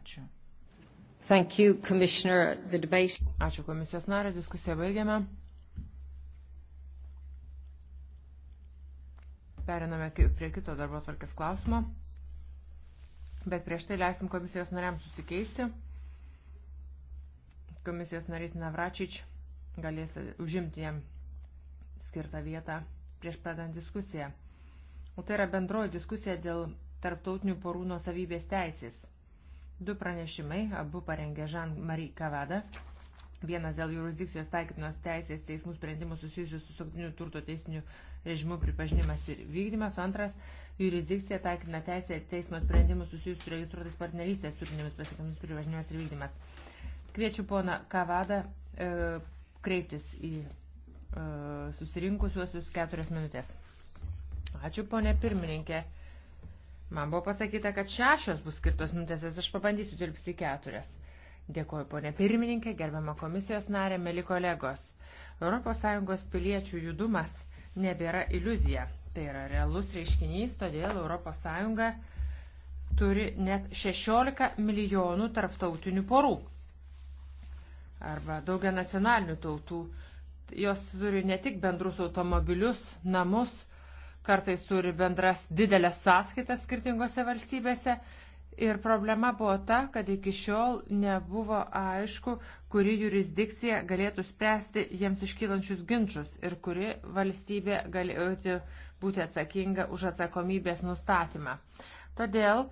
Ačiū. Thank you, Commissioner. The debate. Ačiū komisijos narė, diskusiją baigiame. Periname prie kito darbo tvarkės klausimo, bet prieš tai leisim komisijos nariams susikeisti. Komisijos narys Navračič galės e, užimti jam skirtą vietą prieš pradant diskusiją. O tai yra bendroji diskusija dėl tarptautinių porų nuosavybės teisės. Du pranešimai, abu parengė Jean-Marie Kavada. Vienas dėl jurisdikcijos taikytinos teisės teismų sprendimų susijusių su suktiniu turto teisiniu režimu pripažinimas ir vykdymas. O antras - jurisdikcija taikytina teisė teismo sprendimų susijusių su registruotais partnerystės turinėmis pasiekėmis pripažinimas ir vykdymas. Kviečiu poną Kavadą e, kreiptis į e, susirinkusiuosius keturias minutės. Ačiū ponė pirmininkė. Man buvo pasakyta, kad šešios bus skirtos nutesės, aš pabandysiu dirbti keturias. Dėkuoju, ponė pirmininkė, gerbiama komisijos narė, meli kolegos. ES piliečių judumas nebėra iliuzija. Tai yra realus reiškinys, todėl ES turi net 16 milijonų tarptautinių porų arba daugia nacionalinių tautų. Jos turi ne tik bendrus automobilius, namus, kartais turi bendras didelės sąskaitas skirtingose valstybėse. Ir problema buvo ta, kad iki šiol nebuvo aišku, kuri jurisdikcija galėtų spręsti jiems iškylančius ginčius ir kuri valstybė galėtų būti atsakinga už atsakomybės nustatymą. Todėl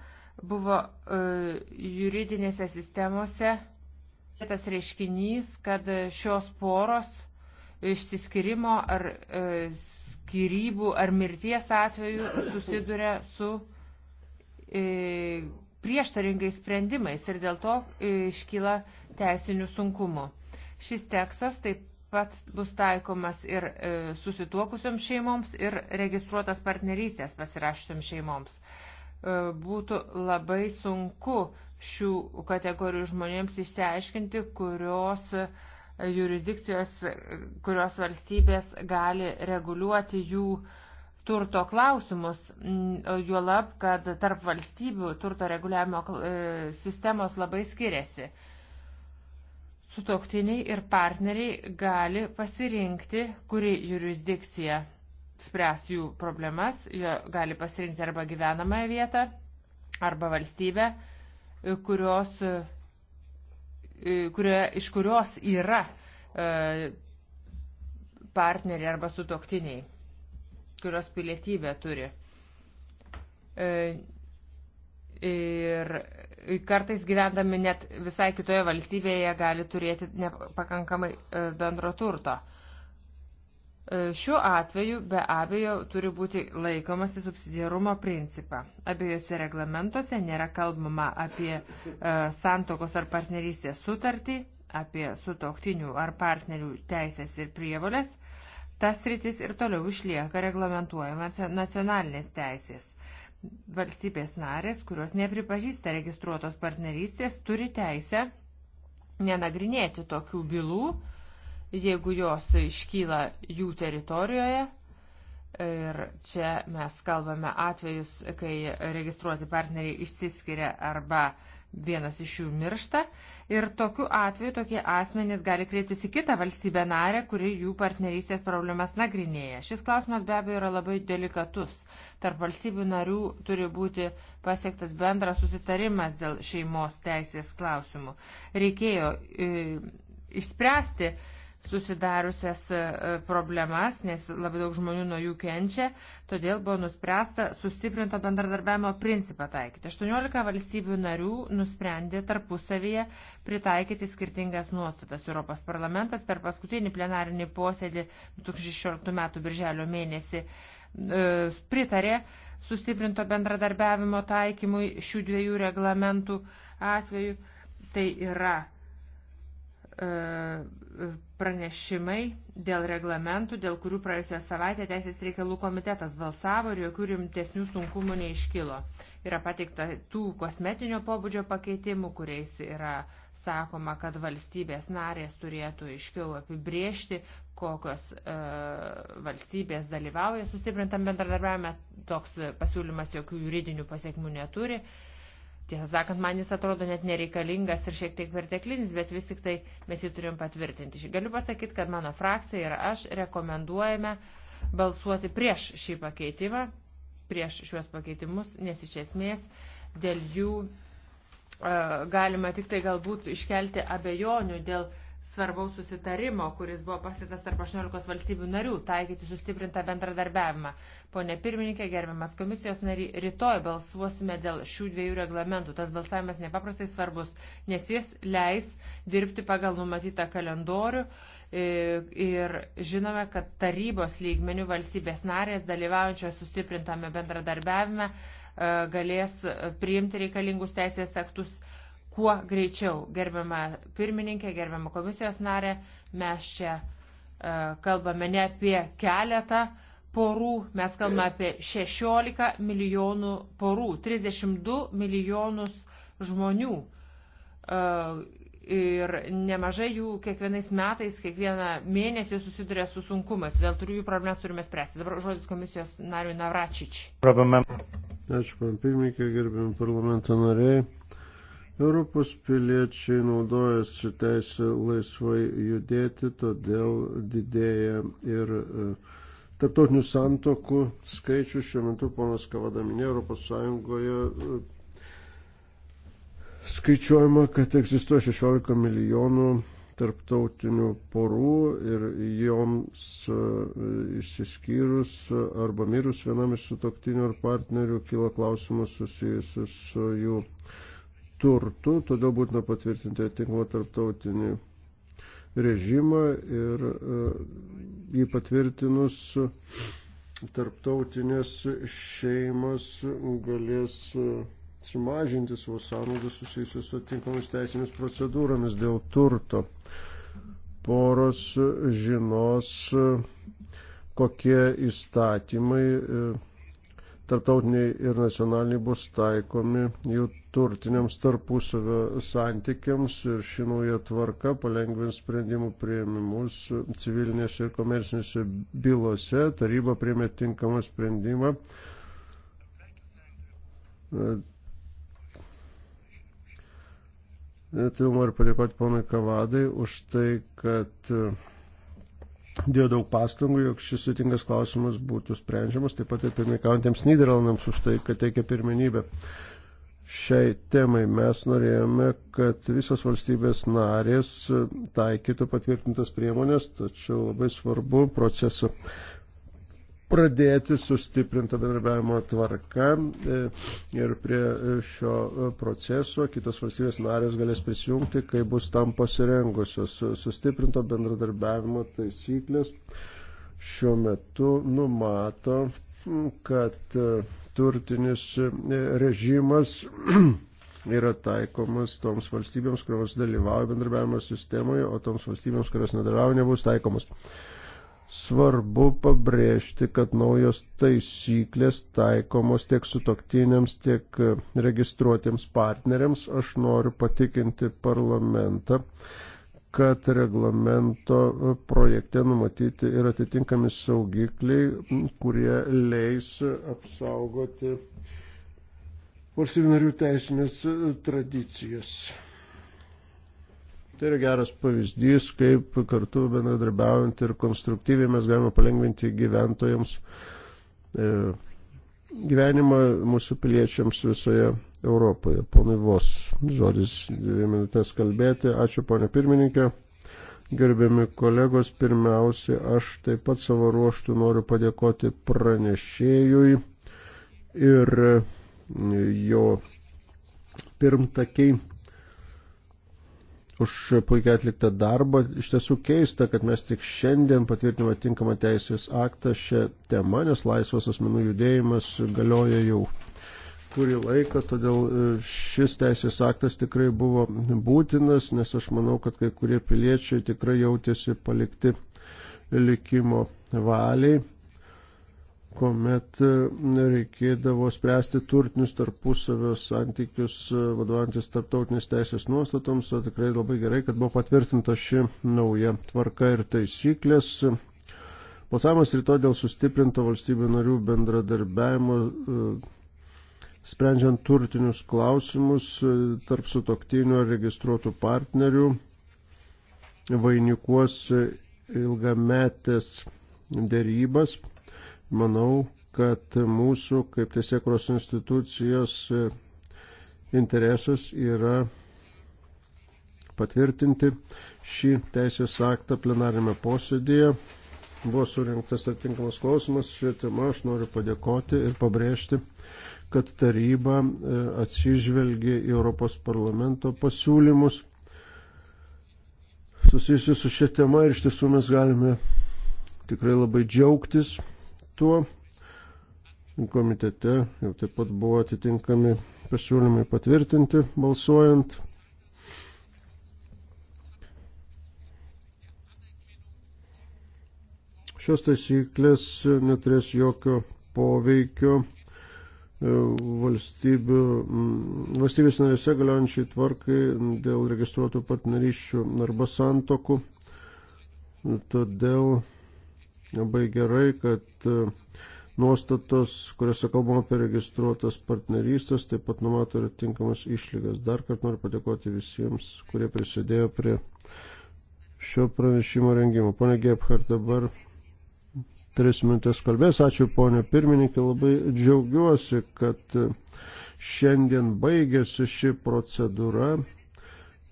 buvo e, juridinėse sistemose tas reiškinys, kad šios poros išsiskirimo ar e, skirybų ar mirties atveju susiduria su e, prieštaringai sprendimais ir dėl to e, iškyla teisinių sunkumų. Šis tekstas taip pat bus taikomas ir e, susituokusioms šeimoms ir registruotas partnerystės pasirašusioms šeimoms. E, būtų labai sunku šių kategorijų žmonėms išsiaiškinti, kurios e, jurisdikcijos, kurios valstybės gali reguliuoti jų turto klausimus, mm, juolab, kad tarp valstybių turto reguliavimo e, sistemos labai skiriasi. Sutoktiniai ir partneriai gali pasirinkti, kuri jurisdikcija spręs jų problemas, jo gali pasirinkti arba gyvenamąją vietą, arba valstybę, e, kurios e, E, kurio, iš kurios yra e, partneriai arba sutoktiniai, kurios pilietybę turi. E, ir kartais gyvendami net visai kitoje valstybėje gali turėti nepakankamai bendro turto. Šiuo atveju be abejo turi būti laikomasi subsidiarumo principą. Abiejose reglamentuose nėra kalbama apie e, santokos ar partnerystės sutartį, apie sutoktinių ar partnerių teisės ir prievolės. Tas rytis ir toliau išlieka reglamentuojama nacionalinės teisės. Valstybės narės, kurios nepripažįsta registruotos partnerystės, turi teisę nenagrinėti tokių bylų, jeigu jos iškyla jų teritorijoje. Ir čia mes kalbame atvejus, kai registruoti partneriai išsiskiria arba vienas iš jų miršta. Ir tokiu atveju tokie asmenys gali kreiptis į kitą valstybę narę, kuri jų partnerystės problemas nagrinėja. Šis klausimas be abejo yra labai delikatus. Tarp valstybių narių turi būti pasiektas bendras susitarimas dėl šeimos teisės klausimų. Reikėjo e, išspręsti susidariusias e, problemas, nes labai daug žmonių nuo jų kenčia, todėl buvo nuspręsta sustiprinto bendradarbiavimo principą taikyti. 18 valstybių narių nusprendė tarpusavyje pritaikyti skirtingas nuostatas. Europos parlamentas per paskutinį plenarinį posėdį 2016 m. birželio mėnesį e, pritarė sustiprinto bendradarbiavimo taikymui šių dviejų reglamentų atveju. Tai yra E, pranešimai dėl reglamentų, dėl kurių praėjusią savaitę Teisės reikalų komitetas balsavo ir jokių rimtesnių sunkumų neiškilo. Yra pateikta tų kosmetinio pobūdžio pakeitimų, kuriais yra sakoma, kad valstybės narės turėtų iškiau apibriežti, kokios e, valstybės dalyvauja sustiprintam bendradarbiavime. Toks pasiūlymas jokių juridinių pasiekmių neturi. E, Tiesą sakant, man jis atrodo net nereikalingas ir šiek tiek verteklinis, bet vis tik tai mes jį turim patvirtinti. Galiu pasakyti, kad mano frakcija ir aš rekomenduojame balsuoti prieš šį pakeitimą, prieš šiuos pakeitimus, nes iš esmės dėl jų e, galima tik tai galbūt iškelti abejonių dėl svarbaus susitarimo, kuris buvo pasitas tarp 18 valstybių narių, taikyti sustiprintą bendradarbiavimą. Pone pirmininkė, gerbiamas komisijos nary, rytoj balsuosime dėl šių dviejų reglamentų. Tas balsavimas nepaprastai svarbus, nes jis leis dirbti pagal numatytą kalendorių e, ir žinome, kad tarybos lygmenių valstybės narės dalyvaujančios sustiprintame bendradarbiavime e, galės priimti reikalingus teisės aktus kuo greičiau. Gerbiama pirmininkė, gerbiama komisijos narė, mes čia e, kalbame ne apie keletą porų, mes kalbame apie 16 milijonų porų, 32 milijonus žmonių. E, ir nemažai jų kiekvienais metais, kiekvieną mėnesį susiduria su sunkumas. Dėl turiu jų problemas turime spręsti. Dabar žodis komisijos nariui Navračič. Ačiū, man pirmininkai, gerbiami parlamento nariai. Europos piliečiai naudojasi teisę laisvai judėti, todėl didėja ir e, tarptautinių santokų skaičius. Šiuo metu ponas Kavada minėjo Europos Sąjungoje e, skaičiuojama, kad egzistuoja 16 milijonų tarptautinių porų ir joms e, išsiskyrus arba mirus vienam iš sutoktinių ar partnerių kyla klausimas susijusius su jų turtu, todėl būtina patvirtinti atitinkamą tarptautinį režimą ir e, jį patvirtinus tarptautinės šeimas galės e, sumažinti savo sąnaudas susijusius su atitinkamomis teisinėmis procedūromis dėl turto. Poros žinos, e, kokie įstatymai tarptautiniai ir nacionaliniai bus taikomi jų turtiniams tarpusavio santykiams ir ši nauja tvarka palengvins sprendimų prieimimus civilinėse ir komercinėse bylose. Taryba priemė tinkamą sprendimą. E, tai noriu padėkoti ponui Kavadai už tai, kad e, dėjo daug pastangų, jog šis sutingas klausimas būtų sprendžiamas, taip pat ir pirmininkavantiems Niderlandams už tai, kad teikia pirmenybę šiai temai mes norėjome, kad visos valstybės narės taikytų patvirtintas priemonės, tačiau labai svarbu procesu pradėti sustiprinto bendradarbiavimo tvarka e, ir prie šio proceso kitos valstybės narės galės prisijungti, kai bus tam pasirengusios. Sustiprinto bendradarbiavimo taisyklės šiuo metu numato, kad turtinis e, režimas yra taikomas toms valstybėms, kurios dalyvauja bendrabiavimo sistemoje, o toms valstybėms, kurios nedalyvauja, nebus taikomas. Svarbu pabrėžti, kad naujos taisyklės taikomos tiek sutoktiniams, tiek e, registruotiems partneriams. Aš noriu patikinti parlamentą, kad reglamento projekte numatyti ir atitinkami saugikliai, kurie leis apsaugoti valstybinarių teisinės tradicijas. Tai yra geras pavyzdys, kaip kartu bendradarbiaujant ir konstruktyviai mes galime palengvinti gyventojams e, gyvenimą mūsų piliečiams visoje Europoje. Ponai Vos, žodis dvi minutės kalbėti. Ačiū, ponė pirmininkė. Gerbiami kolegos, pirmiausia, aš taip pat savo ruoštų noriu padėkoti pranešėjui ir jo pirmtakiai už puikiai atliktą darbą. Iš tiesų keista, kad mes tik šiandien patvirtinome tinkamą teisės aktą šią temą, nes laisvas asmenų judėjimas galioja jau kurį laiką, todėl e, šis teisės aktas tikrai buvo būtinas, nes aš manau, kad kai kurie piliečiai tikrai jautėsi palikti likimo valiai, kuomet e, reikėdavo spręsti turtinius tarpusavio santykius, e, vadovantis tarptautinės teisės nuostatoms, o tikrai labai gerai, kad buvo patvirtinta ši nauja tvarka ir taisyklės. Balsavimas rytoj dėl sustiprinto valstybių narių bendradarbiavimo Sprendžiant turtinius klausimus e, tarp sutoktinių ar registruotų partnerių vainikuos ilgametės dėrybas. Manau, kad mūsų kaip tiesiekros institucijos e, interesas yra patvirtinti šį teisės aktą plenarime posėdėje. Buvo surinktas atitinkamas klausimas šią temą, aš noriu padėkoti ir pabrėžti, kad taryba e, atsižvelgia į Europos parlamento pasiūlymus susijusius su šia tema ir iš tiesų mes galime tikrai labai džiaugtis tuo. Komitete jau taip pat buvo atitinkami pasiūlymai patvirtinti balsuojant. Šios taisyklės neturės jokio poveikio E, valstybių, valstybės narėse galiojančiai tvarkai dėl registruotų partnerysčių arba santokų. Todėl labai gerai, kad e, nuostatos, kuriuose kalbama apie registruotas partnerystės, taip pat numato ir tinkamas išlygas. Dar kartą noriu padėkoti visiems, kurie prisidėjo prie šio pranešimo rengimo. Pone Gebhardt, dabar tris minutės kalbės. Ačiū ponė pirmininkė, labai džiaugiuosi, kad šiandien baigėsi ši procedūra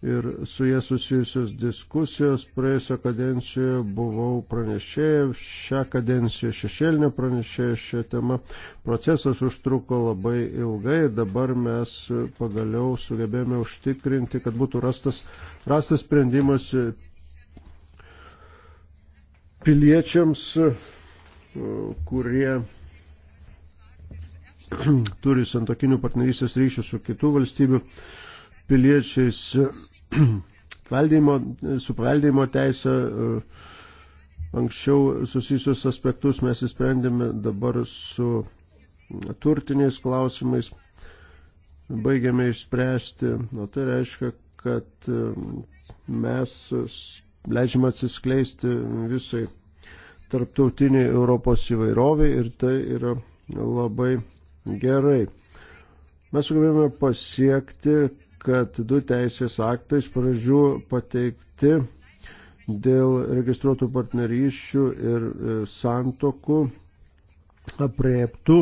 ir su jie susijusios diskusijos. Praėjusią kadenciją buvau pranešėję, šią kadenciją šešėlinę pranešėję šią temą. Procesas užtruko labai ilgai ir dabar mes pagaliau sugebėjome užtikrinti, kad būtų rastas, rastas sprendimas piliečiams kurie turi santokinių partnerystės ryšių su kitų valstybių piliečiais, su paveldėjimo teisė, e, anksčiau susijusius aspektus mes įsprendėme dabar su turtiniais klausimais, baigiame išspręsti, o tai reiškia, kad e, mes leidžiame atsiskleisti visai tarptautiniai Europos įvairoviai ir tai yra labai gerai. Mes sugebėjome pasiekti, kad du teisės aktai iš pradžių pateikti dėl registruotų partnerysčių ir e, santokų apriektų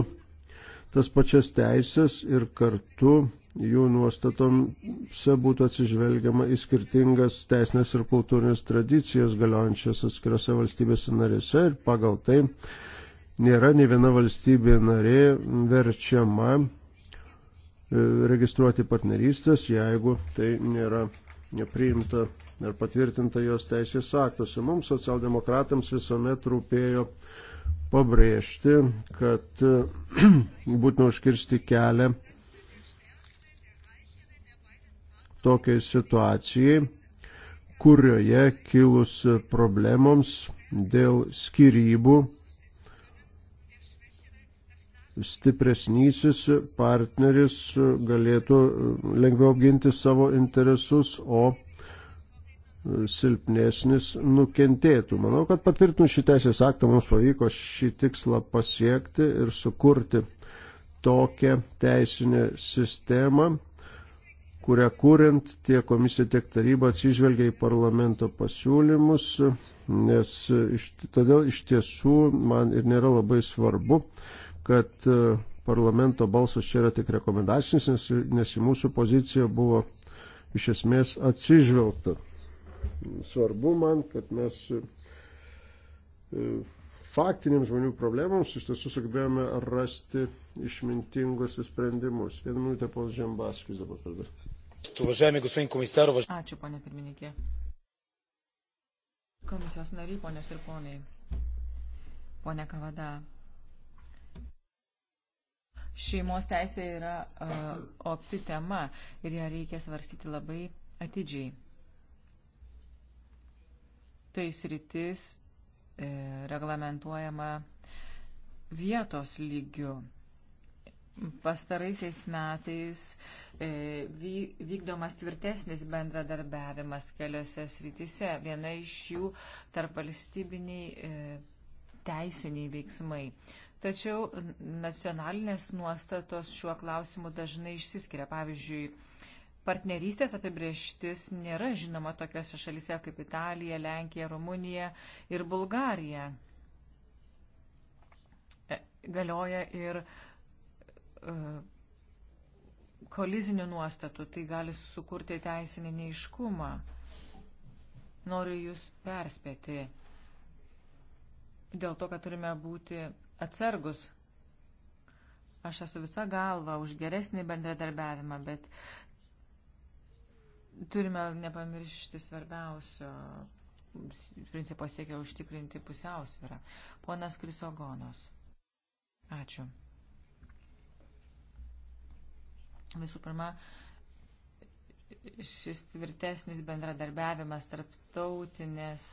tas pačias teisės ir kartu jų nuostatomse būtų atsižvelgiama į skirtingas teisinės ir kultūrinės tradicijas galiojančias atskirose valstybėse narėse ir pagal tai nėra ne viena valstybė narė verčiama e, registruoti partnerystės, jeigu tai nėra nepriimta ir patvirtinta jos teisės aktuose. Mums socialdemokratams visuomet rūpėjo pabrėžti, kad būtina užkirsti kelią tokiai situacijai, kurioje kilus problemoms dėl skirybų stipresnysis partneris galėtų lengviau apginti savo interesus, o silpnesnis nukentėtų. Manau, kad patvirtinus šį teisės aktą mums pavyko šį tikslą pasiekti ir sukurti tokią teisinę sistemą, kurią kuriant tiek komisija, tiek taryba atsižvelgia į parlamento pasiūlymus, nes iš, todėl iš tiesų man ir nėra labai svarbu, kad e, parlamento balsas čia yra tik rekomendacinis, nes, nes į mūsų poziciją buvo iš esmės atsižvelgta. Svarbu man, kad mes e, faktiniams žmonių problemams iš tiesų sugebėjome rasti išmintingus sprendimus. Vieną minutę, ponas Žembaskis dabar kalbės. Ačiū, ponė pirmininkė. Komisijos nariai, ponios ir ponai. Pone Kavada. Šeimos teisė yra uh, opi tema ir ją reikia svarstyti labai atidžiai. Tai sritis e, reglamentuojama vietos lygiu pastaraisiais metais e, vykdomas tvirtesnis bendradarbiavimas keliose srityse. Viena iš jų tarp valstybiniai e, teisiniai veiksmai. Tačiau nacionalinės nuostatos šiuo klausimu dažnai išsiskiria. Pavyzdžiui, partnerystės apibrieštis nėra žinoma tokiose šalise kaip Italija, Lenkija, Rumunija ir Bulgarija. E, galioja ir e, E, kolizinių nuostatų, tai gali sukurti teisinį neiškumą. Noriu Jūs perspėti dėl to, kad turime būti atsargus. Aš esu visa galva už geresnį bendradarbiavimą, bet turime nepamiršti svarbiausio principo siekia užtikrinti pusiausvyrą. Ponas Krisogonos. Ačiū. Visų pirma, šis tvirtesnis bendradarbiavimas tarptautinės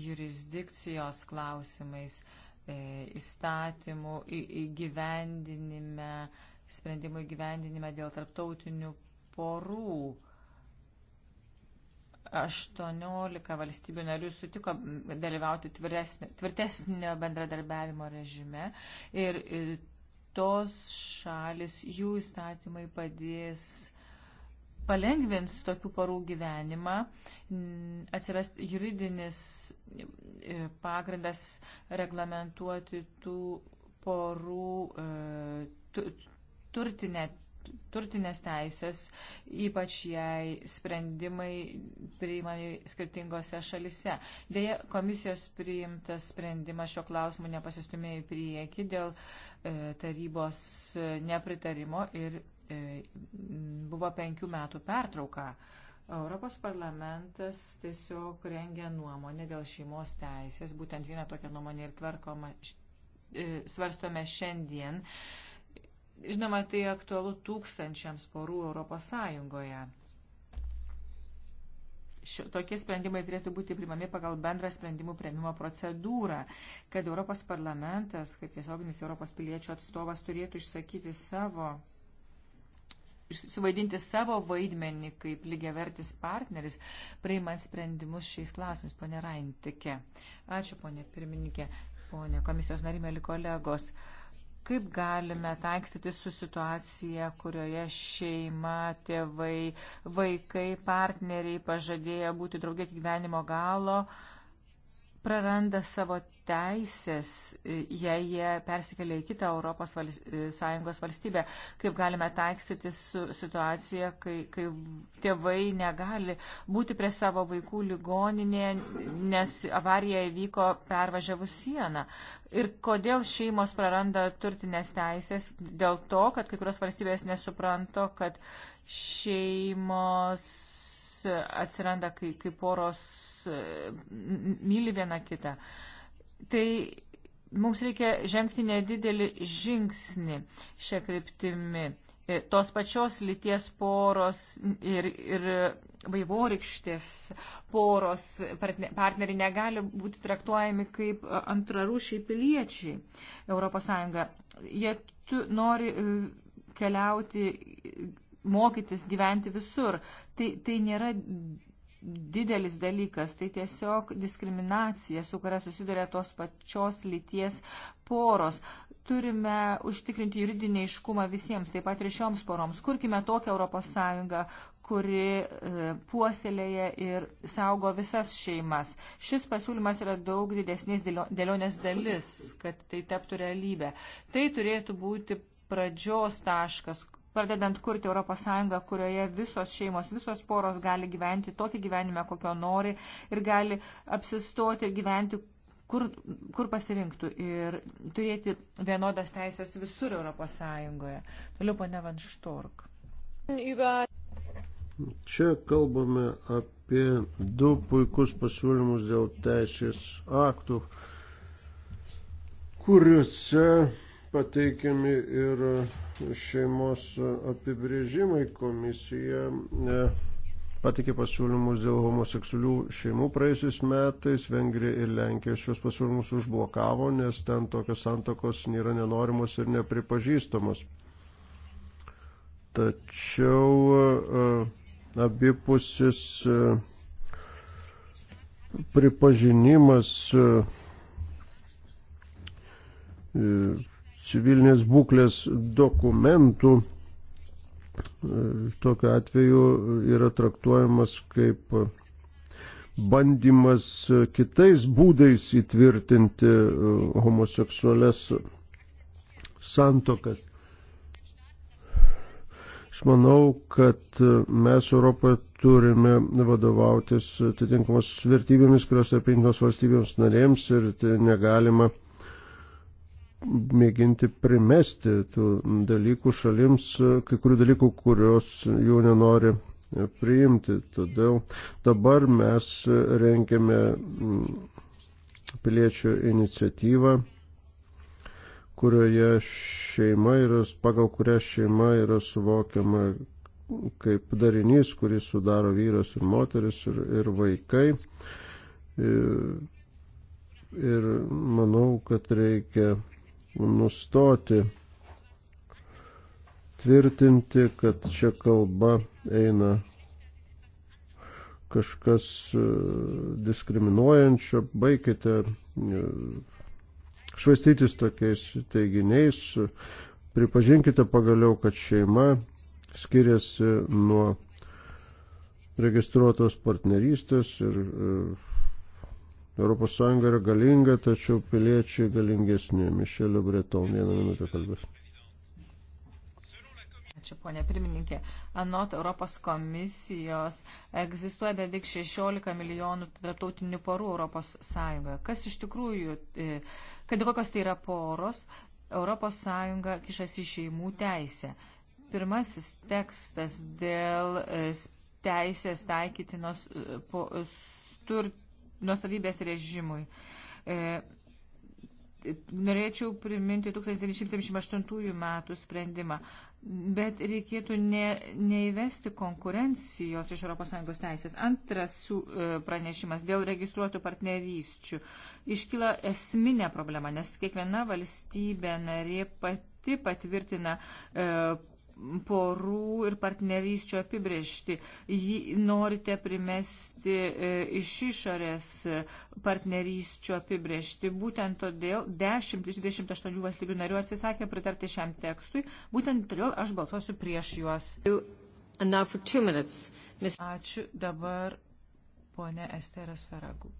jurisdikcijos klausimais, e, įstatymų įgyvendinime, sprendimų įgyvendinime dėl tarptautinių porų. 18 valstybių narių sutiko dalyvauti tvirtesnio bendradarbiavimo režime ir tos šalis, jų įstatymai padės palengvins tokių porų gyvenimą, atsiras juridinis e, pagrindas reglamentuoti tų porų e, turtinę turtinės teisės, ypač jei sprendimai priimami skirtingose šalise. Deja, komisijos priimtas sprendimas šio klausimu nepasistumėjo į priekį dėl e, tarybos e, nepritarimo ir e, buvo penkių metų pertrauka. Europos parlamentas tiesiog rengia nuomonę dėl šeimos teisės, būtent vieną tokią nuomonę ir tvarkoma e, svarstome šiandien. Žinoma, tai aktualu tūkstančiams porų Europos Sąjungoje. Šio, tokie sprendimai turėtų būti primami pagal bendrą sprendimų prieimimo procedūrą, kad Europos parlamentas, kaip tiesioginis Europos piliečių atstovas, turėtų išsakyti savo, suvaidinti savo vaidmenį kaip lygiavertis partneris, priimant sprendimus šiais klausimais, ponė Raintike. Ačiū, ponė pirmininkė, ponė komisijos narimė, liko kolegos. Uh, Kaip galime taikstyti su situacija, kurioje šeima, tėvai, vaikai, partneriai pažadėjo būti draugė iki gyvenimo galo, uh, praranda savo teisės, e, jei jie persikelia į kitą Europos valst, e, Sąjungos valstybę. Kaip galime taikstyti su situacija, kai, kai tėvai negali būti prie savo vaikų ligoninėje, nes avarija įvyko pervažiavus sieną. Ir kodėl šeimos praranda turtinės teisės? Dėl to, kad kai kurios valstybės nesupranto, kad šeimos atsiranda, kai, kai poros e, myli viena kitą. Tai mums reikia žengti nedidelį žingsnį šią kryptimį. E, tos pačios lyties poros ir, ir vaivorykštės poros partneriai negali būti traktuojami kaip antrarūšiai piliečiai ES. Jie tu, nori e, keliauti, mokytis, gyventi visur tai, tai nėra didelis dalykas, tai tiesiog diskriminacija, su kuria susiduria tos pačios lyties poros. Turime užtikrinti juridinį iškumą visiems, taip pat ir šioms poroms. Kurkime tokią ES, kuri e, puoselėja ir saugo visas šeimas. Šis pasiūlymas yra daug didesnės dėlionės dalis, kad tai taptų realybę. Tai turėtų būti pradžios taškas, pradedant kurti ES, kurioje visos šeimos, visos poros gali gyventi tokį gyvenimą, kokio nori ir gali apsistoti ir gyventi, kur, kur pasirinktų ir turėti vienodas teisės visur ES. Toliau pane Van Štork. Čia kalbame apie du puikus pasiūlymus dėl teisės aktų, kuriuose pateikiami ir šeimos apibrėžimai komisija. Ne, patikė pasiūlymus dėl homoseksualių šeimų praėjusiais metais, Vengrija ir Lenkija šios pasiūlymus užblokavo, nes ten tokios santokos nėra nenorimos ir nepripažįstamos. Tačiau e, abipusis e, pripažinimas e, civilinės būklės dokumentų e, tokiu atveju yra traktuojamas kaip bandymas kitais būdais įtvirtinti e, homoseksualias santokas. Aš manau, kad mes Europoje turime vadovautis atitinkamos vertybėmis, kurios yra priimtos valstybėms narėms ir tai negalima uh, mėginti primesti tų dalykų šalims, kai kurių dalykų, kurios jų nenori priimti. Todėl dabar mes rengiame mm, piliečių iniciatyvą, kurioje šeima yra, pagal kurią šeima yra suvokiama kaip darinys, kurį sudaro vyras ir moteris ir, ir vaikai. Ir, ir manau, kad reikia nustoti tvirtinti, kad čia kalba eina kažkas e, diskriminuojančio, baikite e, švaistytis tokiais teiginiais, pripažinkite pagaliau, kad šeima skiriasi nuo registruotos partnerystės ir e, ES yra galinga, tačiau piliečiai galingesni. Mišelio Breton, vieną minutę kalbės. Ačiū, ponė pirmininkė. Anot Europos komisijos egzistuoja beveik 16 milijonų tarptautinių porų Europos Sąjungoje. Kas iš tikrųjų, e, kad kokios tai yra poros, Europos Sąjunga kišasi šeimų teisę. Pirmasis tekstas dėl e, teisės taikytinos e, turtų nuosavybės režimui. E, norėčiau priminti 1978 metų sprendimą, bet reikėtų ne, neįvesti konkurencijos iš ES teisės. Antras su, e, pranešimas dėl registruotų partnerysčių. Iškyla esminė problema, nes kiekviena valstybė narė pati patvirtina e, porų ir partnerysčio apibriešti. Jį norite primesti e, iš išorės partnerysčio apibriešti. Būtent todėl 10 iš 28 valstybių narių atsisakė pritarti šiam tekstui. Būtent todėl aš balsuosiu prieš juos. Ačiū dabar ponė Esteras Feragų.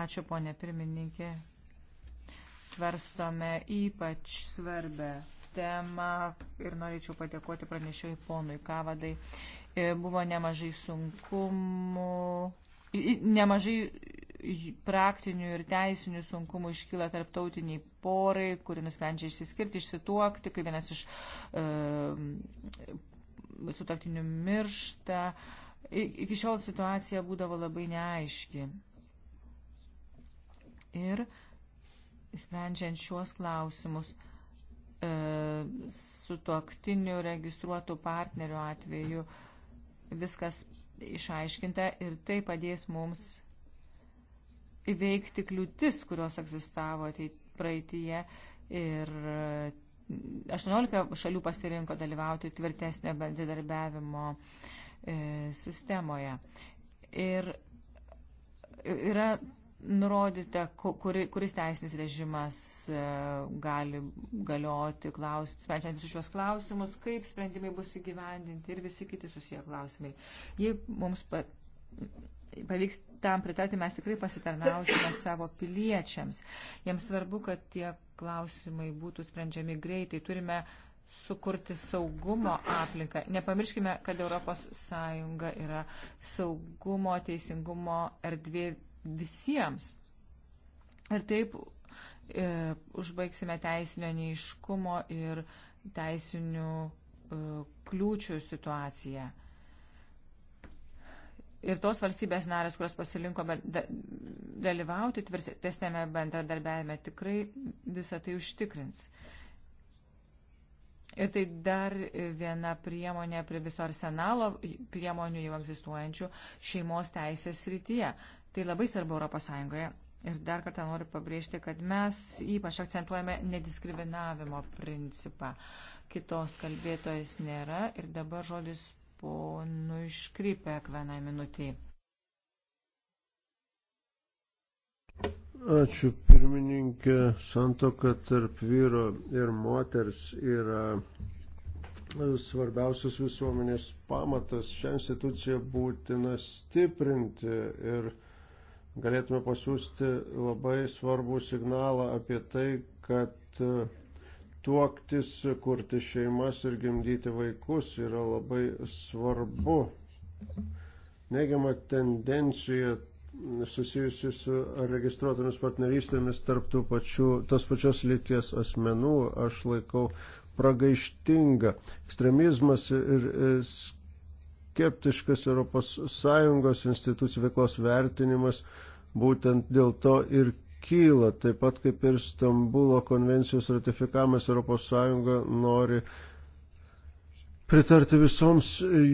Ačiū ponė pirmininkė. Svarstome ypač svarbę temą ir norėčiau padėkoti pranešiojai ponui Kavadai. E, buvo nemažai sunkumų, nemažai praktinių ir teisinių sunkumų iškyla tarptautiniai porai, kuri nusprendžia išsiskirti, išsituokti, kai vienas iš e, sutaktinių miršta. Iki šiol situacija būdavo labai neaiški. Ir sprendžiant šiuos klausimus, E, su tuoktiniu registruotų partnerių atveju viskas išaiškinta ir tai padės mums įveikti kliūtis, kurios egzistavo praeitie. Ir 18 e, šalių pasirinko dalyvauti tvirtesnio bendradarbiavimo e, sistemoje. Ir yra nurodyta, kuri, kuris teisinis režimas e, gali galioti, sprendžiant visus šios klausimus, kaip sprendimai bus įgyvendinti ir visi kiti susiję klausimai. Jei mums pa, pavyks tam pritarti, mes tikrai pasitarnausime savo piliečiams. Jiems svarbu, kad tie klausimai būtų sprendžiami greitai. Turime sukurti saugumo aplinką. Nepamirškime, kad ES yra saugumo, teisingumo erdvė visiems. Ir taip e, užbaigsime teisinio neiškumo ir teisinių e, kliūčių situaciją. Ir tos valstybės narės, kurios pasirinko dalyvauti tvirtesnėme bendradarbiavime, tikrai visą tai užtikrins. Ir tai dar viena priemonė prie viso arsenalo priemonių jau egzistuojančių šeimos teisės srityje. Tai labai svarbu Europos Sąjungoje. Ir dar kartą noriu pabrėžti, kad mes ypač akcentuojame nediskriminavimo principą. Kitos kalbėtojas nėra ir dabar žodis ponui iškrypia vienai minutį. Ačiū pirmininkė. Santoka tarp vyro ir moters yra svarbiausias visuomenės pamatas. Šią instituciją būtina stiprinti ir galėtume pasiūsti labai svarbų signalą apie tai, kad e, tuoktis, kurti šeimas ir gimdyti vaikus yra labai svarbu. Neigiama tendencija susijusi su registruotomis partnerystėmis tarp tų pačių, tos pačios lyties asmenų aš laikau pragaištinga. Ekstremizmas ir e, skeptiškas ES institucijų veiklos vertinimas būtent dėl to ir kyla. Taip pat kaip ir Stambulo konvencijos ratifikavimas ES nori pritarti visoms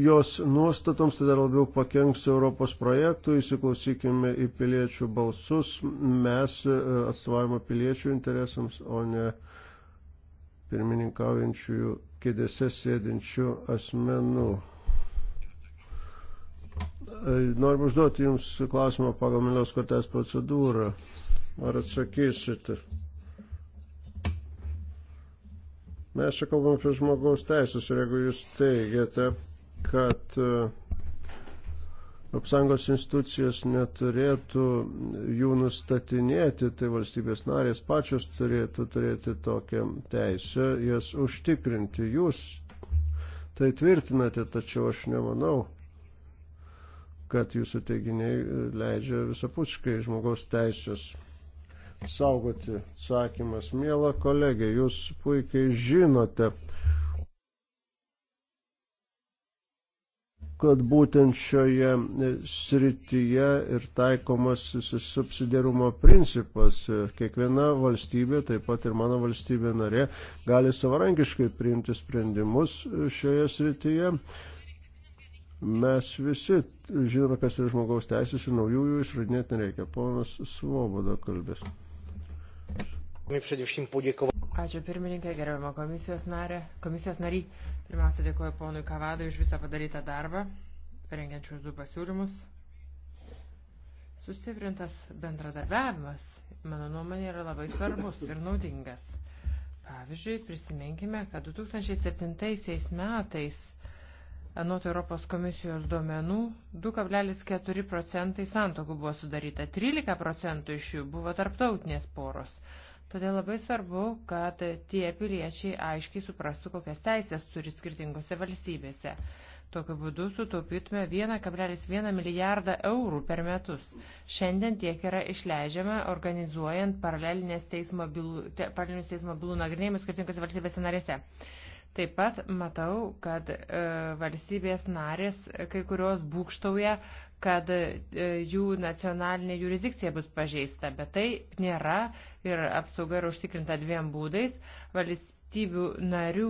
jos nuostatoms, tai dar labiau pakenks Europos projektui, įsiklausykime į piliečių balsus, mes e, atstovavimo piliečių interesams, o ne pirmininkaujančiųjų kėdėse sėdinčių asmenų. E, Norim užduoti Jums klausimą pagal Milios kortės procedūrą. Ar atsakysite? Mes čia kalbam apie žmogaus teisės ir jeigu Jūs teigiate, kad apsangos e, institucijos neturėtų jų nustatinėti, tai valstybės narės pačios turėtų turėti tokią teisę, jas užtikrinti. Jūs tai tvirtinate, tačiau aš nemanau, kad jūsų teiginiai e, leidžia visapuškai žmogaus teisės saugoti. Sakymas, mėla kolegė, jūs puikiai žinote, kad būtent šioje e, srityje ir taikomas subsidiarumo principas. E, kiekviena valstybė, taip pat ir mano valstybė narė, gali savarankiškai priimti sprendimus šioje srityje. Mes visi žinome, kas yra žmogaus teisės ir naujųjų išradinėti nereikia. Ponas Svoboda kalbės. Ačiū pirmininkė, gerbiamo komisijos, narė, komisijos nary. Pirmiausia, dėkoju ponui Kavadui už visą padarytą darbą, rengiančius du pasiūlymus. Sustiprintas bendradarbiavimas, mano nuomonė, yra labai svarbus ir naudingas. Pavyzdžiui, prisiminkime, kad 2007 metais Anot Europos komisijos duomenų, 2,4 procentai santokų buvo sudaryta, 13 procentų iš jų buvo tarptautinės poros. Todėl labai svarbu, kad tie piliečiai aiškiai suprastų, kokias teisės turi skirtingose valstybėse. Tokiu būdu sutaupytume 1,1 milijardą eurų per metus. Šiandien tiek yra išleidžiama organizuojant paralelinės teismo bylų, te, paralelinės teismo bylų nagrinėjimus skirtingose valstybėse narėse. Taip pat matau, kad e, valstybės narės kai kurios būkštauja, kad e, jų nacionalinė jurisdikcija bus pažeista, bet tai nėra ir apsauga yra užtikrinta dviem būdais. Valstybių narių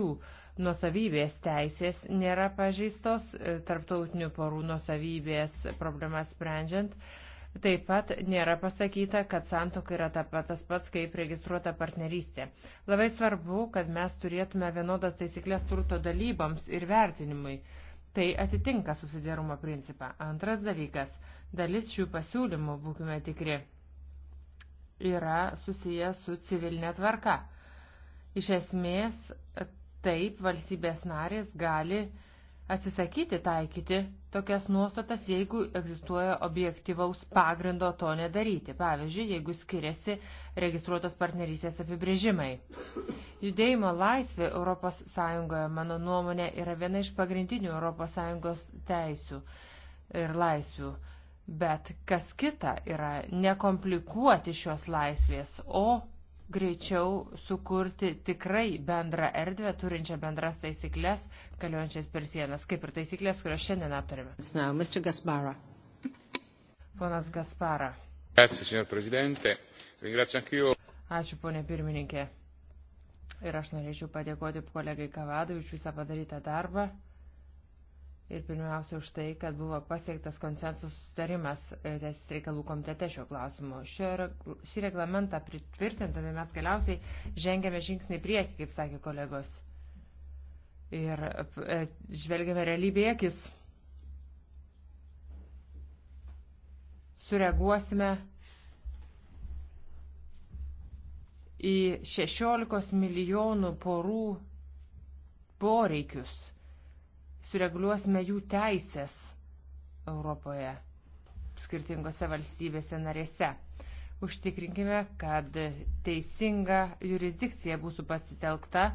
nuosavybės teisės nėra pažeistos, e, tarptautinių porų nuosavybės problemas sprendžiant. E, Taip pat nėra pasakyta, kad santoka yra ta pat, tas pats, kaip registruota partnerystė. Labai svarbu, kad mes turėtume vienodas taisyklės turto dalyboms ir vertinimui. Tai atitinka susidėrumo principą. Antras dalykas - dalis šių pasiūlymų, būkime tikri, yra susiję su civilinė tvarka. Iš esmės, taip valstybės narės gali atsisakyti taikyti tokias nuostatas, jeigu egzistuoja objektivaus pagrindo to nedaryti. Pavyzdžiui, jeigu skiriasi registruotos partnerystės apibrėžimai. Judėjimo laisvė ES, mano nuomonė, yra viena iš pagrindinių ES teisių ir laisvių. Bet kas kita yra nekomplikuoti šios laisvės, o greičiau sukurti tikrai bendrą erdvę, turinčią bendras taisyklės, galiojančias per sienas, kaip ir taisyklės, kurios šiandien aptarėme. Now, Ponas Gaspara. Grazie, signor Presidente. Ringrazio anch'io. Ačiū, ponė pirmininkė. Ir aš norėčiau padėkoti kolegai Kavadui už visą padarytą darbą ir pirmiausia už tai, kad buvo pasiektas konsensus sustarimas Teisės reikalų komitete šio klausimu. Šį reglamentą pritvirtintami mes galiausiai žengėme žingsnį priekį, kaip sakė kolegos. Ir e, žvelgėme realybėje akis. Sureaguosime į 16 milijonų porų poreikius sureguliuosime jų teisės Europoje, skirtingose valstybėse narėse. Užtikrinkime, kad teisinga jurisdikcija būtų pasitelkta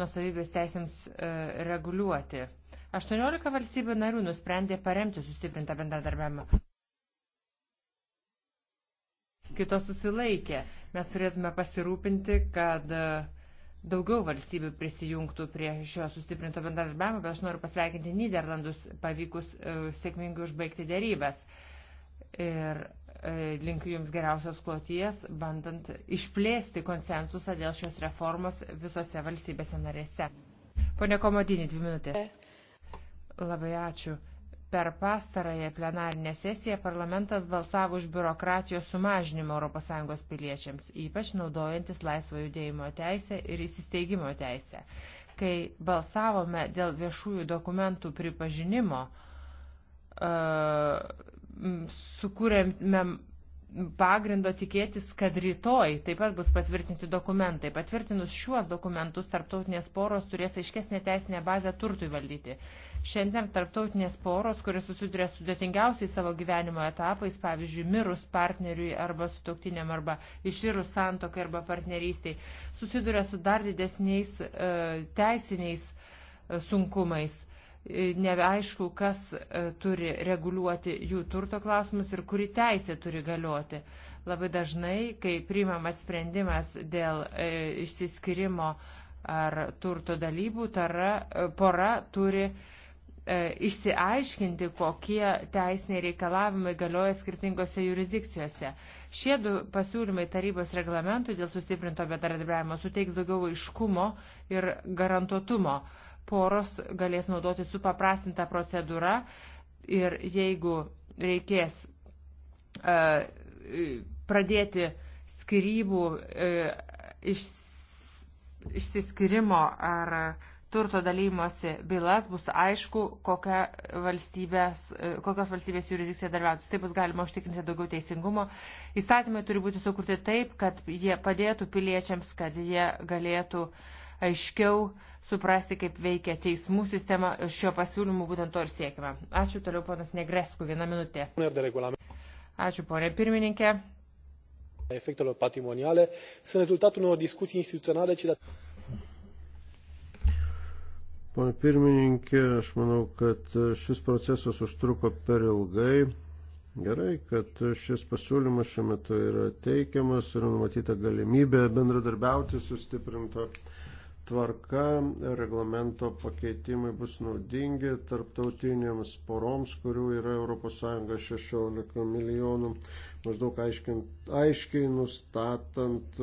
nusavybės teisėms e, reguliuoti. 18 valstybių narių nusprendė paremti sustiprintą bendradarbiavimą. Kitos susilaikė. Mes turėtume pasirūpinti, kad e, daugiau valstybių prisijungtų prie šio sustiprinto bendradarbiavimo, bet aš noriu pasveikinti Niderlandus, pavykus e, sėkmingai užbaigti dėrybas. Ir e, linkiu Jums geriausios kloties, bandant išplėsti konsensusą dėl šios reformos visose valstybėse narėse. Pone Komodinį, dvi minutės. E. Labai ačiū. Per pastarąją plenarinę sesiją parlamentas balsavo už biurokratijos sumažinimą ES piliečiams, ypač naudojantis laisvo judėjimo teisę ir įsisteigimo teisę. Kai balsavome dėl viešųjų dokumentų pripažinimo, e, sukūrėme pagrindo tikėtis, kad rytoj taip pat bus patvirtinti dokumentai. Patvirtinus šiuos dokumentus, tarptautinės poros turės aiškesnę teisinę bazę turtui valdyti. Šiandien tarptautinės poros, kurios susiduria sudėtingiausiai savo gyvenimo etapais, pavyzdžiui, mirus partneriui arba sutoktiniam arba iširus santokai arba partnerystiai, susiduria su dar didesniais e, teisiniais e, sunkumais. E, nebeaišku, kas e, turi reguliuoti jų turto klausimus ir kuri teisė turi galioti. Labai dažnai, kai priimamas sprendimas dėl e, išsiskirimo ar turto dalybų, tara, e, pora turi e, E, išsiaiškinti, kokie teisiniai reikalavimai galioja skirtingose jurisdikcijose. Šie du pasiūlymai tarybos reglamentų dėl sustiprinto bendradarbiavimo suteiks daugiau aiškumo ir garantuotumo. Poros galės naudoti supaprastintą procedūrą ir jeigu reikės uh, pradėti skirybų uh, e, iš, išsiskirimo ar uh, turto dalymosi bylas bus aišku, kokia valstybės, e, kokios valstybės jurisdikcija dalyvautų. Taip bus galima užtikrinti daugiau teisingumo. Įstatymai turi būti sukurti taip, kad jie padėtų piliečiams, kad jie galėtų aiškiau suprasti, kaip veikia teismų sistema. Šio pasiūlymu būtent to ir siekime. Ačiū toliau, ponas Negresku, vieną minutę. Ačiū, ponė pirmininkė. Efectelor patrimoniale sunt rezultatul unor discuții instituționale, ci Pane pirmininkė, aš manau, kad šis procesas užtruko per ilgai. Gerai, kad šis pasiūlymas šiuo metu yra teikiamas ir numatyta galimybė bendradarbiauti sustiprinto tvarka. Reglamento pakeitimai bus naudingi tarptautinėms poroms, kurių yra ES 16 milijonų, maždaug aiškiai, aiškiai nustatant,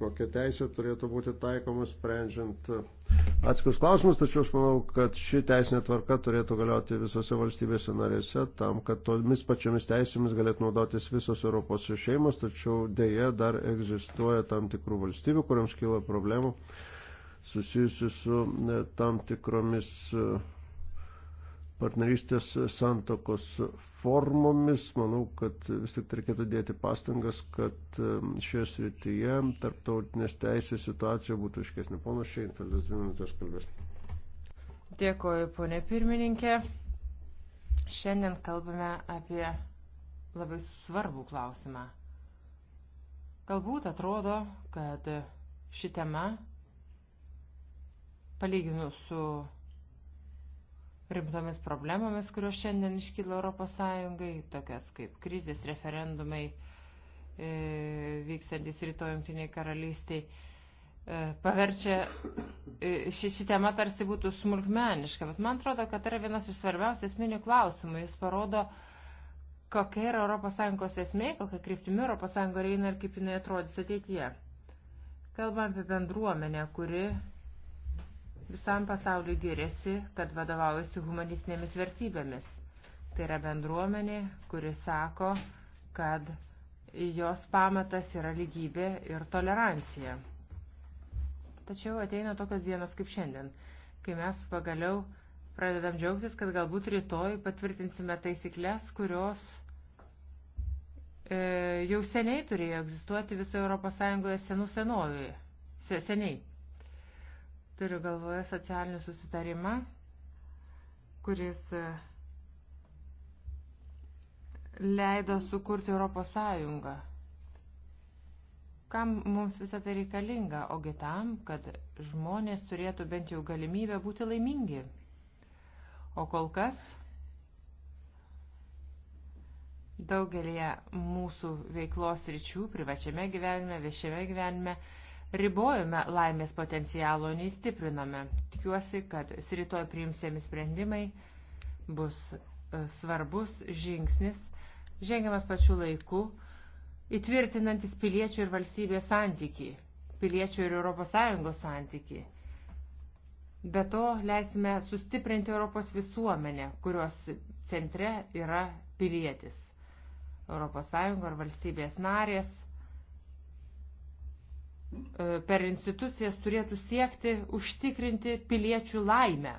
kokia teisė turėtų būti taikoma sprendžiant atskirus klausimus, tačiau aš manau, kad ši teisinė tvarka turėtų galioti visose valstybėse narėse, tam, kad tomis pačiomis teisėmis galėtų naudotis visos Europos šeimos, tačiau dėje dar egzistuoja tam tikrų valstybių, kuriams kyla problemų susijusių su e, tam tikromis e, partnerystės santokos formomis. Manau, kad vis tik reikėtų dėti pastangas, kad um, šioje srityje tarptautinės teisės situacija būtų iškesnė. Ponas Šeinfeldas, dvi minutės kalbės. Dėkoju, ponė pirmininkė. Šiandien kalbame apie labai svarbų klausimą. Galbūt atrodo, kad ši tema, palyginus su rimtomis problemomis, kurios šiandien iškyla Europos Sąjungai, tokias kaip krizės referendumai e, vyksantis ryto jungtiniai karalystiai, e, paverčia e, ši, ši tema tarsi būtų smulkmeniška, bet man atrodo, kad tai yra vienas iš svarbiausių esminių klausimų. Jis parodo, kokia yra Europos Sąjungos esmė, kokia kryptimi Europos Sąjunga eina ir kaip jinai atrodys ateityje. Kalbam apie bendruomenę, kuri visam pasauliu giriasi, kad vadovaujasi humanistinėmis vertybėmis. Tai yra bendruomenė, kuri sako, kad jos pamatas yra lygybė ir tolerancija. Tačiau ateina tokios dienos kaip šiandien, kai mes pagaliau pradedam džiaugtis, kad galbūt rytoj patvirtinsime taisyklės, kurios e, jau seniai turėjo egzistuoti visoje ES senų senovėje. Se, seniai. Turiu galvoje socialinį susitarimą, kuris e, leido sukurti Europos Sąjungą. Kam mums visą tai reikalinga? Ogi tam, kad žmonės turėtų bent jau galimybę būti laimingi. O kol kas daugelie mūsų veiklos ryčių, privačiame gyvenime, viešiame gyvenime, ribojome laimės potencialo, nei stiprinome. Tikiuosi, kad rytoj priimsėmi sprendimai bus e, svarbus žingsnis, žengiamas pačiu laiku, įtvirtinantis piliečių ir valstybės santykį, piliečių ir ES santykį. Be to leisime sustiprinti Europos visuomenę, kurios centre yra pilietis. ES ar valstybės narės E, per institucijas turėtų siekti užtikrinti piliečių laimę.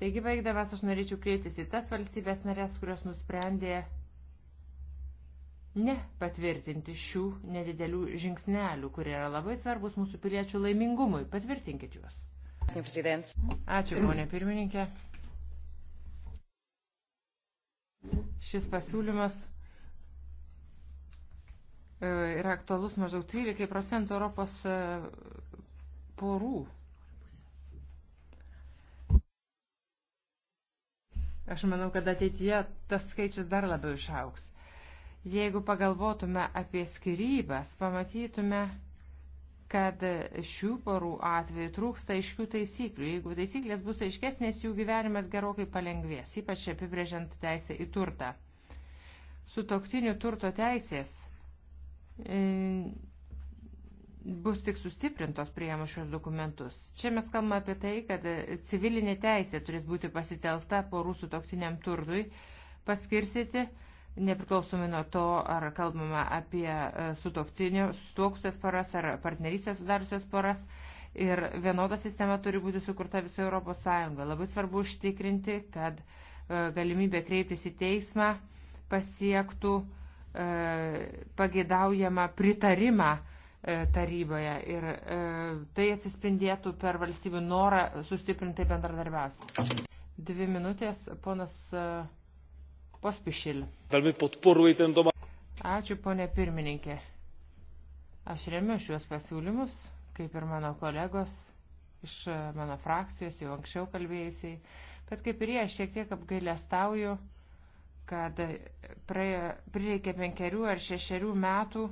Taigi, baigdamas, aš norėčiau kreiptis į tas valstybės narės, kurios nusprendė nepatvirtinti šių nedidelių žingsnelių, kurie yra labai svarbus mūsų piliečių laimingumui. Patvirtinkit juos. Ačiū, ponė pirmininkė. Šis pasiūlymas E, yra aktualus maždaug 13 procentų Europos e, porų. Aš manau, kad ateityje tas skaičius dar labiau išauks. Jeigu pagalvotume apie skirybas, pamatytume, kad šių porų atveju trūksta aiškių taisyklių. Jeigu taisyklės bus aiškesnės, jų gyvenimas gerokai palengvės, ypač apibrėžiant teisę į turtą. Sutoktinių turto teisės E, bus tik sustiprintos prieimus šios dokumentus. Čia mes kalbame apie tai, kad civilinė teisė turės būti pasitelta porų su toksiniam turdui paskirsyti, nepriklausomai nuo to, ar kalbama apie e, sutoktinių, sustokusias paras ar partnerystės sudariusias paras. Ir vienoda sistema turi būti sukurta visoje Europos Sąjungoje. Labai svarbu užtikrinti, kad e, galimybė kreiptis į teismą pasiektų uh, E, pageidaujamą pritarimą e, taryboje ir e, tai atsispindėtų per valstybių norą sustiprinti bendradarbiausią. Dvi minutės, ponas Pospišil. Ačiū, ponė pirmininkė. Aš remiu šiuos pasiūlymus, kaip ir mano kolegos iš mano frakcijos, jau anksčiau kalbėjusiai, bet kaip ir jie, šiek tiek apgailestauju, kad praėjo, prireikė penkerių ar šešerių metų,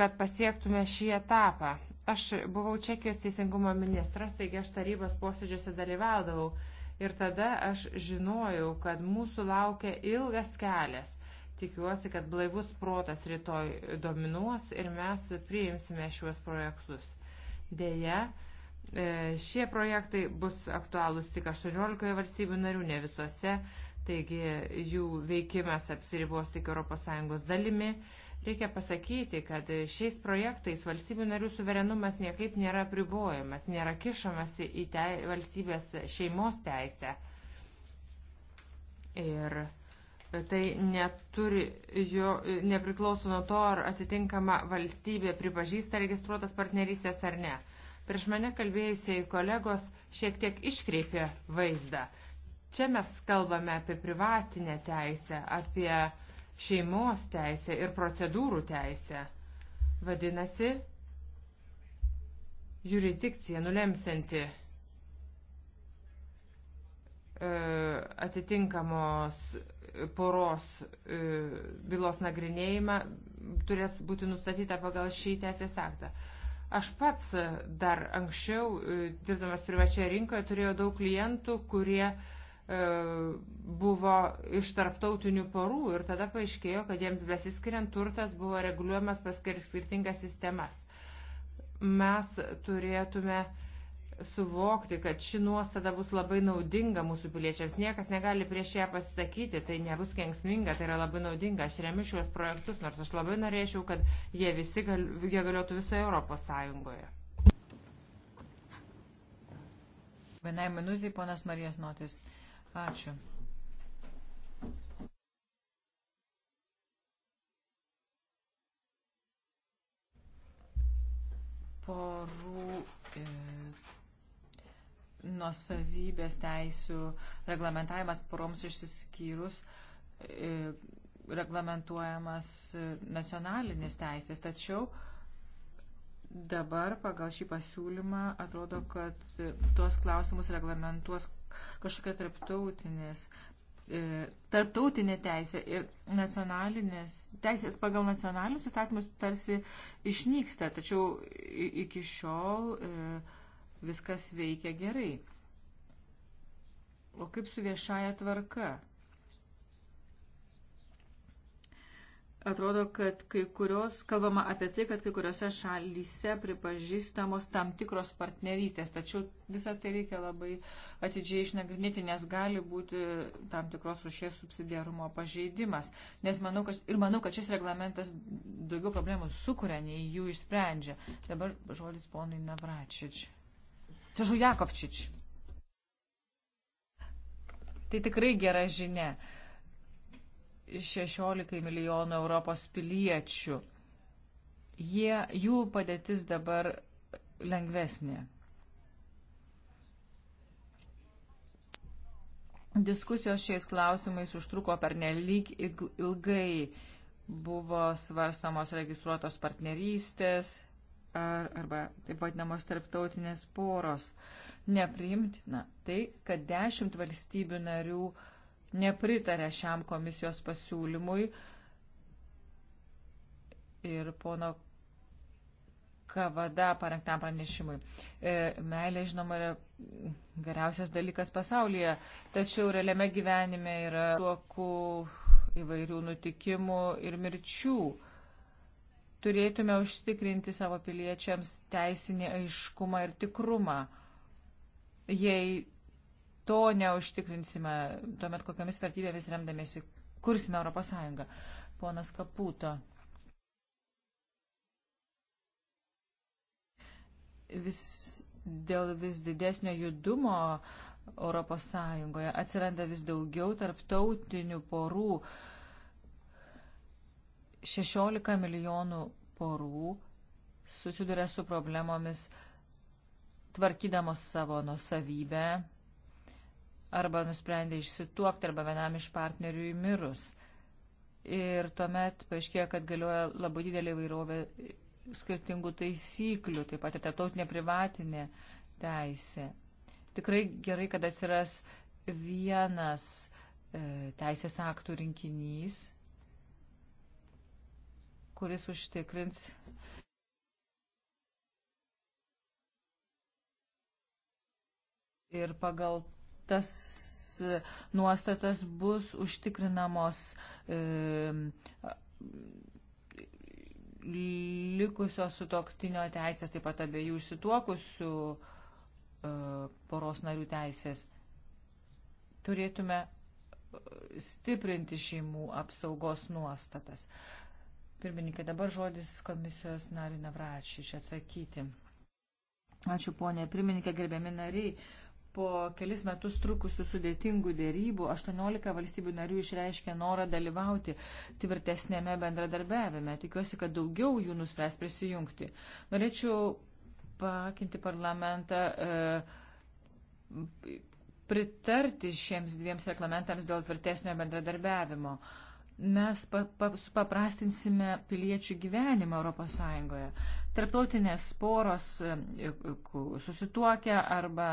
kad pasiektume šį etapą. Aš buvau Čekijos teisingumo ministras, taigi aš tarybos posėdžiuose dalyvaudavau ir tada aš žinojau, kad mūsų laukia ilgas kelias. Tikiuosi, kad blaivus protas rytoj dominuos ir mes priimsime šiuos projektus. Deja, e, šie projektai bus aktualūs tik 18 valstybių narių, ne visose taigi jų veikimas apsiribos tik ES dalimi. Reikia pasakyti, kad šiais projektais valstybių narių suverenumas niekaip nėra pribojamas, nėra kišamasi į te, valstybės šeimos teisę. Ir tai neturi, jo, nepriklauso nuo to, ar atitinkama valstybė pripažįsta registruotas partnerystės ar ne. Prieš mane kalbėjusiai kolegos šiek tiek iškreipė vaizdą. Čia mes kalbame apie privatinę teisę, apie šeimos teisę ir procedūrų teisę. Vadinasi, jurisdikcija nulemsianti e, atitinkamos poros e, bylos nagrinėjimą turės būti nustatyta pagal šį teisės aktą. Aš pats dar anksčiau, e, dirbdamas privačioje rinkoje, turėjau daug klientų, kurie uh, E, buvo iš tarptautinių porų ir tada paaiškėjo, kad jiems besiskiriant turtas buvo reguliuojamas pas skirtingas sistemas. Mes turėtume suvokti, kad ši nuostada bus labai naudinga mūsų piliečiams. Niekas negali prieš ją pasisakyti, tai nebus kengsminga, tai yra labai naudinga. Aš remiu šiuos projektus, nors aš labai norėčiau, kad jie visi gal, jie galėtų visoje Europos Sąjungoje. Vienai minutį, ponas Marijas Notis. Ačiū. Porų e, nuosavybės teisų reglamentavimas poroms išsiskyrus e, reglamentuojamas nacionalinis teisės, tačiau dabar pagal šį pasiūlymą atrodo, kad tuos klausimus reglamentuos kažkokia tarptautinės e, tarptautinė teisė ir nacionalinės teisės pagal nacionalinius įstatymus tarsi išnyksta, tačiau iki šiol e, viskas veikia gerai. O kaip su viešaja tvarka? atrodo, kad kai kurios, kalbama apie tai, kad kai kuriuose šalyse pripažįstamos tam tikros partnerystės, tačiau visą tai reikia labai atidžiai išnagrinėti, nes gali būti tam tikros rušies subsidiarumo pažeidimas. Nes manau, kad, ir manau, kad šis reglamentas daugiau problemų sukuria, nei jų išsprendžia. Dabar žodis ponui Navračič. Sežu Jakovčič. Tai tikrai gera žinia. Uh, 16 milijonų Europos piliečių. Jie, jų padėtis dabar lengvesnė. Diskusijos šiais klausimais užtruko per nelik ilgai. Buvo svarstamos registruotos partnerystės ar, arba taip vadinamos tarptautinės poros. Nepriimtina tai, kad dešimt valstybių narių uh, nepritarė šiam komisijos pasiūlymui ir pono Kavada parengtam pranešimui. E, meilė, žinoma, yra geriausias dalykas pasaulyje, tačiau realiame gyvenime yra tuokų įvairių nutikimų ir mirčių. Turėtume užtikrinti savo piliečiams teisinį aiškumą ir tikrumą. Jei to neužtikrinsime, tuomet kokiamis vertybėmis remdamėsi kursime Europos Sąjungą. Ponas Kaputo. Vis, dėl vis didesnio judumo Europos Sąjungoje atsiranda vis daugiau tarptautinių porų. 16 milijonų porų susiduria su problemomis tvarkydamos savo nusavybę arba nusprendė išsituokti arba vienam iš partnerių įmirus. Ir tuomet paaiškėjo, kad galioja labai didelė įvairovė skirtingų taisyklių, taip pat ir tarptautinė privatinė teisė. Tikrai gerai, kad atsiras vienas e, teisės aktų rinkinys, kuris užtikrins ir pagal tas e, nuostatas bus užtikrinamos e, likusios sutoktinio teisės, taip pat abiejų išsituokusių e, poros narių teisės. Turėtume e, stiprinti šeimų apsaugos nuostatas. Pirmininkai, dabar žodis komisijos nariui Navračiui čia atsakyti. Ačiū ponė, pirmininkė, gerbiami nariai. E, Po kelis metus trukusių sudėtingų dėrybų 18 valstybių narių išreiškė norą dalyvauti tvirtesnėme bendradarbiavime. Tikiuosi, kad daugiau jų nuspręs prisijungti. Norėčiau pakinti parlamentą e, pritarti šiems dviems reglamentams dėl tvirtesnio bendradarbiavimo. E, mes supaprastinsime piliečių gyvenimą ES. Tarptautinės poros e, e, susituokia arba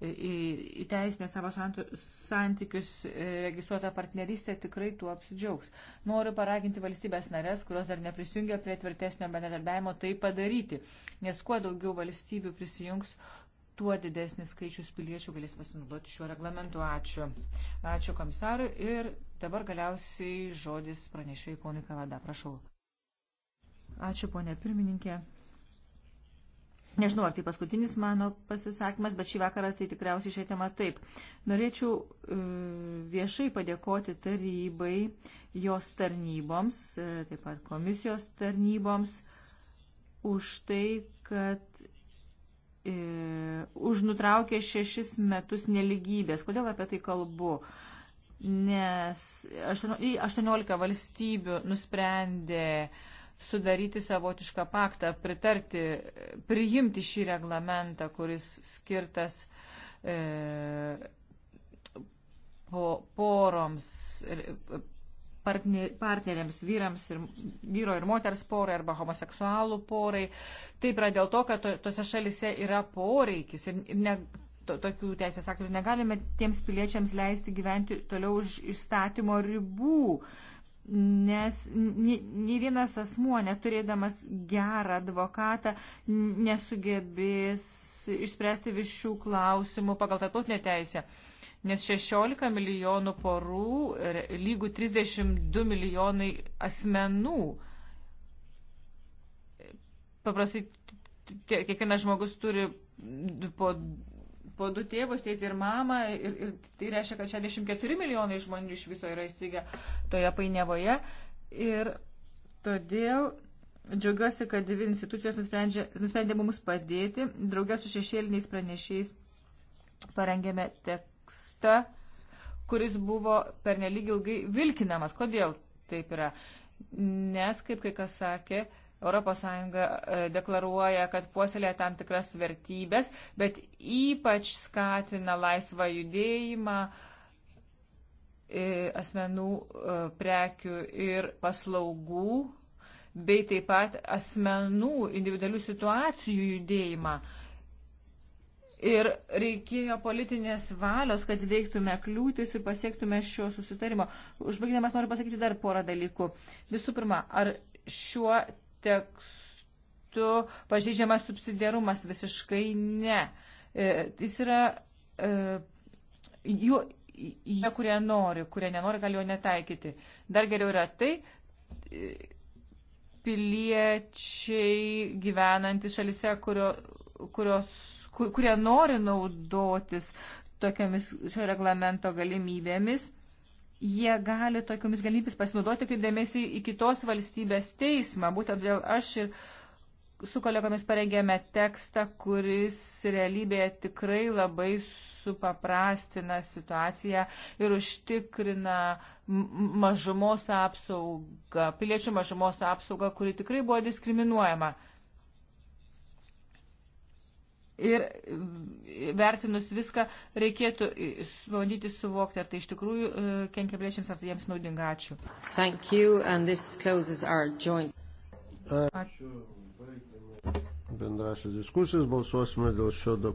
įteisinę savo santykius e, registruotą partnerystę tikrai tuo apsidžiaugs. Noriu paraginti valstybės narės, kurios dar neprisijungia prie tvirtesnio bendradarbiavimo, tai padaryti, nes kuo daugiau valstybių prisijungs, tuo didesnis skaičius piliečių galės pasinaudoti šiuo reglamentu. Ačiū. Ačiū komisarui ir Dabar galiausiai žodis pranešėjai ponui Kavada. Prašau. Ačiū, ponė pirmininkė. Nežinau, ar tai paskutinis mano pasisakymas, bet šį vakarą tai tikriausiai šią temą taip. Norėčiau e, viešai padėkoti tarybai, jos tarnyboms, e, taip pat komisijos tarnyboms už tai, kad e, užnutraukė šešis metus neligybės. Kodėl apie tai kalbu? E, nes 18 valstybių nusprendė sudaryti savotišką paktą, pritarti, priimti šį reglamentą, kuris skirtas e, po, poroms, partner, partneriams, vyrams ir vyro ir moters porai arba homoseksualų porai. Taip yra dėl to, kad to, tose šalise yra poreikis ir, ir ne, to, tokių teisės aktų ir negalime tiems piliečiams leisti gyventi toliau už įstatymo ribų, nes nei vienas asmuo, neturėdamas gerą advokatą, nesugebės išspręsti visų klausimų pagal tarptautinę teisę. Nes 16 milijonų porų lygų 32 milijonai asmenų. Paprastai kiekvienas žmogus turi po po du tėvus, tėtį ir mamą. Ir, ir tai reiškia, kad 64 milijonai žmonių iš viso yra įstrigę toje painiavoje. Ir todėl džiaugiuosi, kad dvi institucijos nusprendė mums padėti. Draugės su šešėliniais pranešiais parengėme tekstą, kuris buvo pernelyg ilgai vilkinamas. Kodėl taip yra? Nes, kaip kai kas sakė, uh, ES e, deklaruoja, kad puoselėja tam tikras vertybės, bet ypač skatina laisvą judėjimą e, asmenų e, prekių ir paslaugų, bei taip pat asmenų individualių situacijų judėjimą. Ir reikėjo politinės valios, kad veiktume kliūtis ir pasiektume šio susitarimo. Užbaigdamas noriu pasakyti dar porą dalykų. Visų pirma, ar šiuo tekstu pažeidžiamas subsidiarumas visiškai ne. E, jis yra e, jų, jie, kurie nori, kurie nenori, gali jo netaikyti. Dar geriau yra tai, e, piliečiai gyvenantys šalise, kurio, kurios, kur, kurie nori naudotis tokiamis šio reglamento galimybėmis jie gali tokiomis galimybės pasinaudoti, kaip dėmesį į kitos valstybės teismą. Būtent todėl aš ir su kolegomis parengėme tekstą, kuris realybėje tikrai labai supaprastina situaciją ir užtikrina mažumos apsaugą, piliečių mažumos apsaugą, kuri tikrai buvo diskriminuojama. Ir vertinus viską, reikėtų bandyti suvokti, ar tai iš tikrųjų e, kenkia plėšiams, ar tai jiems naudinga. Ačiū. Ačiū. Bendrasios diskusijos balsuosime dėl šio dokumento.